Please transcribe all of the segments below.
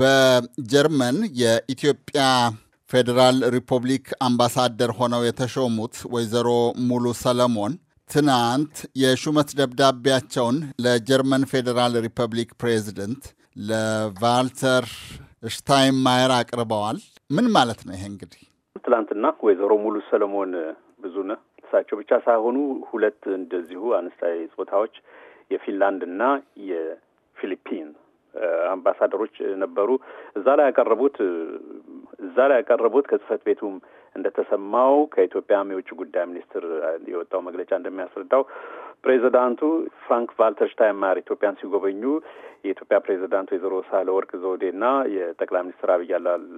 በጀርመን የኢትዮጵያ ፌዴራል ሪፐብሊክ አምባሳደር ሆነው የተሾሙት ወይዘሮ ሙሉ ሰለሞን ትናንት የሹመት ደብዳቤያቸውን ለጀርመን ፌዴራል ሪፐብሊክ ፕሬዚደንት ለቫልተር ሽታይንማየር አቅርበዋል። ምን ማለት ነው ይሄ? እንግዲህ ትናንትና ወይዘሮ ሙሉ ሰለሞን ነ እሳቸው ብቻ ሳይሆኑ ሁለት እንደዚሁ አነስታዊ ጾታዎች የፊንላንድ እና የፊሊፒን አምባሳደሮች ነበሩ። እዛ ላይ ያቀረቡት እዛ ላይ ያቀረቡት ከጽህፈት ቤቱም እንደተሰማው ከኢትዮጵያም የውጭ ጉዳይ ሚኒስትር የወጣው መግለጫ እንደሚያስረዳው ፕሬዚዳንቱ ፍራንክ ቫልተር ሽታይንማየር ኢትዮጵያን ሲጎበኙ የኢትዮጵያ ፕሬዚዳንት ወይዘሮ ሳህለወርቅ ዘውዴና የጠቅላይ ሚኒስትር አብይ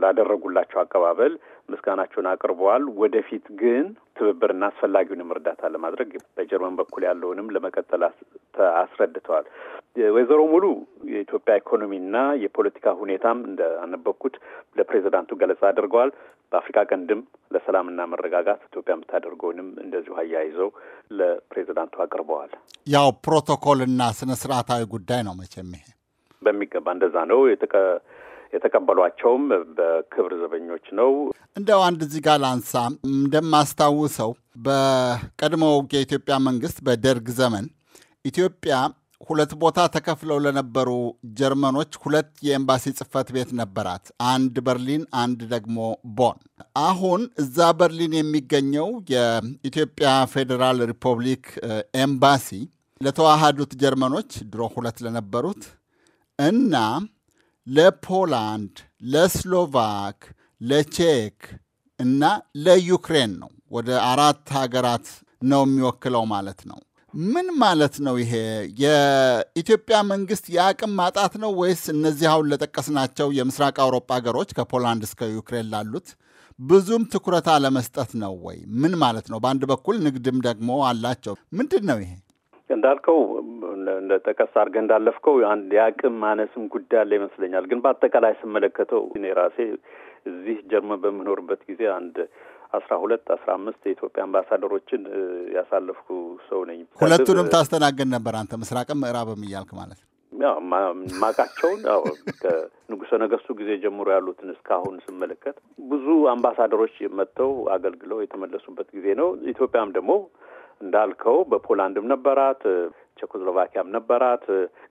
ላደረጉላቸው አቀባበል ምስጋናቸውን አቅርበዋል። ወደፊት ግን ትብብርና አስፈላጊውንም እርዳታ ለማድረግ በጀርመን በኩል ያለውንም ለመቀጠል አስረድተዋል። ወይዘሮ ሙሉ የኢትዮጵያ ኢኮኖሚና የፖለቲካ ሁኔታም አነበኩት ለፕሬዚዳንቱ ገለጻ አድርገዋል። በአፍሪካ ቀንድም ለሰላምና መረጋጋት ኢትዮጵያ የምታደርገውንም እንደዚሁ አያይዘው ለፕሬዚዳንቱ አቅርበዋል። ያው ፕሮቶኮልና ስነ ስርዓታዊ ጉዳይ ነው መቼም ይሄ በሚገባ እንደዛ ነው። የተቀበሏቸውም በክብር ዘበኞች ነው። እንደው አንድ እዚህ ጋር ላንሳ። እንደማስታውሰው በቀድሞው የኢትዮጵያ መንግስት በደርግ ዘመን ኢትዮጵያ ሁለት ቦታ ተከፍለው ለነበሩ ጀርመኖች ሁለት የኤምባሲ ጽህፈት ቤት ነበራት፣ አንድ በርሊን፣ አንድ ደግሞ ቦን። አሁን እዛ በርሊን የሚገኘው የኢትዮጵያ ፌዴራል ሪፐብሊክ ኤምባሲ ለተዋሃዱት ጀርመኖች ድሮ ሁለት ለነበሩት እና ለፖላንድ፣ ለስሎቫክ፣ ለቼክ እና ለዩክሬን ነው። ወደ አራት ሀገራት ነው የሚወክለው ማለት ነው። ምን ማለት ነው ይሄ? የኢትዮጵያ መንግስት የአቅም ማጣት ነው ወይስ እነዚህ አሁን ለጠቀስናቸው የምስራቅ አውሮፓ ሀገሮች ከፖላንድ እስከ ዩክሬን ላሉት ብዙም ትኩረት አለመስጠት ነው ወይ? ምን ማለት ነው? በአንድ በኩል ንግድም ደግሞ አላቸው። ምንድን ነው ይሄ? እንዳልከው ጠቀስ አድርገህ እንዳለፍከው አንድ የአቅም ማነስም ጉዳይ አለ ይመስለኛል። ግን በአጠቃላይ ስመለከተው እኔ ራሴ እዚህ ጀርመን በምኖርበት ጊዜ አንድ አስራ ሁለት አስራ አምስት የኢትዮጵያ አምባሳደሮችን ያሳለፍኩ ሰው ነኝ። ሁለቱንም ታስተናግድ ነበር አንተ ምስራቅም ምዕራብም እያልክ ማለት ነው? ማቃቸውን ያው ከንጉሠ ጊዜ ጀምሮ ያሉትን እስካሁን ስመለከት ብዙ አምባሳደሮች መጥተው አገልግለው የተመለሱበት ጊዜ ነው። ኢትዮጵያም ደግሞ እንዳልከው በፖላንድም ነበራት፣ ቼኮስሎቫኪያም ነበራት።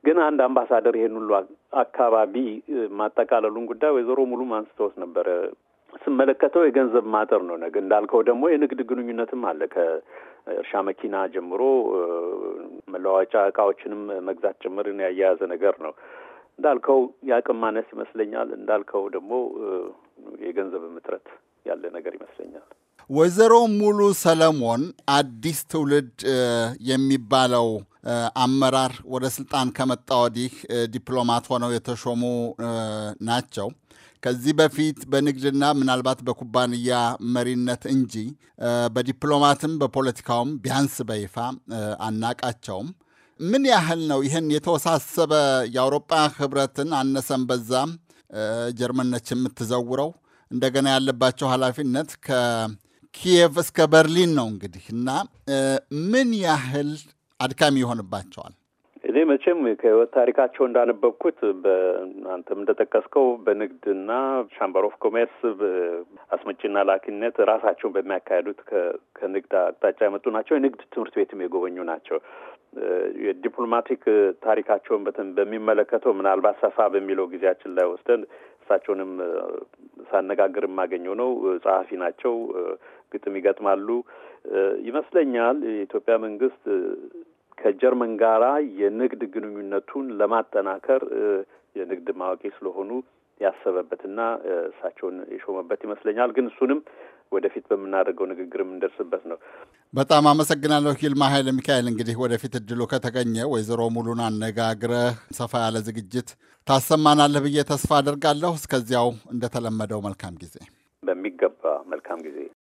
ግን አንድ አምባሳደር ይሄን ሁሉ አካባቢ ማጠቃለሉን ጉዳይ ወይዘሮ ሙሉም አንስተውት ነበረ። ስመለከተው የገንዘብ ማጠር ነው። ነገ እንዳልከው ደግሞ የንግድ ግንኙነትም አለ። ከእርሻ መኪና ጀምሮ መለዋወጫ እቃዎችንም መግዛት ጭምርን ያያያዘ ነገር ነው። እንዳልከው የአቅም ማነስ ይመስለኛል። እንዳልከው ደግሞ የገንዘብ እጥረት ያለ ነገር ይመስለኛል። ወይዘሮ ሙሉ ሰለሞን አዲስ ትውልድ የሚባለው አመራር ወደ ስልጣን ከመጣ ወዲህ ዲፕሎማት ሆነው የተሾሙ ናቸው። ከዚህ በፊት በንግድና ምናልባት በኩባንያ መሪነት እንጂ በዲፕሎማትም በፖለቲካውም ቢያንስ በይፋ አናቃቸውም። ምን ያህል ነው ይህን የተወሳሰበ የአውሮጳ ህብረትን አነሰም በዛም ጀርመን ነች የምትዘውረው። እንደገና ያለባቸው ኃላፊነት ከኪየቭ እስከ በርሊን ነው እንግዲህ እና ምን ያህል አድካሚ ይሆንባቸዋል? እኔ መቼም ከህይወት ታሪካቸው እንዳነበብኩት በአንተም እንደጠቀስከው በንግድና ሻምበር ኦፍ ኮሜርስ አስመጪና ላኪነት ራሳቸውን በሚያካሄዱት ከንግድ አቅጣጫ የመጡ ናቸው። የንግድ ትምህርት ቤትም የጎበኙ ናቸው። የዲፕሎማቲክ ታሪካቸውን በሚመለከተው ምናልባት ሰፋ በሚለው ጊዜያችን ላይ ወስደን እሳቸውንም ሳነጋግር የማገኘው ነው። ጸሐፊ ናቸው፣ ግጥም ይገጥማሉ። ይመስለኛል የኢትዮጵያ መንግስት ከጀርመን ጋራ የንግድ ግንኙነቱን ለማጠናከር የንግድ ማዋቂ ስለሆኑ ያሰበበትና እሳቸውን የሾመበት ይመስለኛል። ግን እሱንም ወደፊት በምናደርገው ንግግር የምንደርስበት ነው። በጣም አመሰግናለሁ ይልማ ኃይለ ሚካኤል። እንግዲህ ወደፊት እድሉ ከተገኘ ወይዘሮ ሙሉን አነጋግረህ ሰፋ ያለ ዝግጅት ታሰማናለህ ብዬ ተስፋ አድርጋለሁ። እስከዚያው እንደተለመደው መልካም ጊዜ። በሚገባ መልካም ጊዜ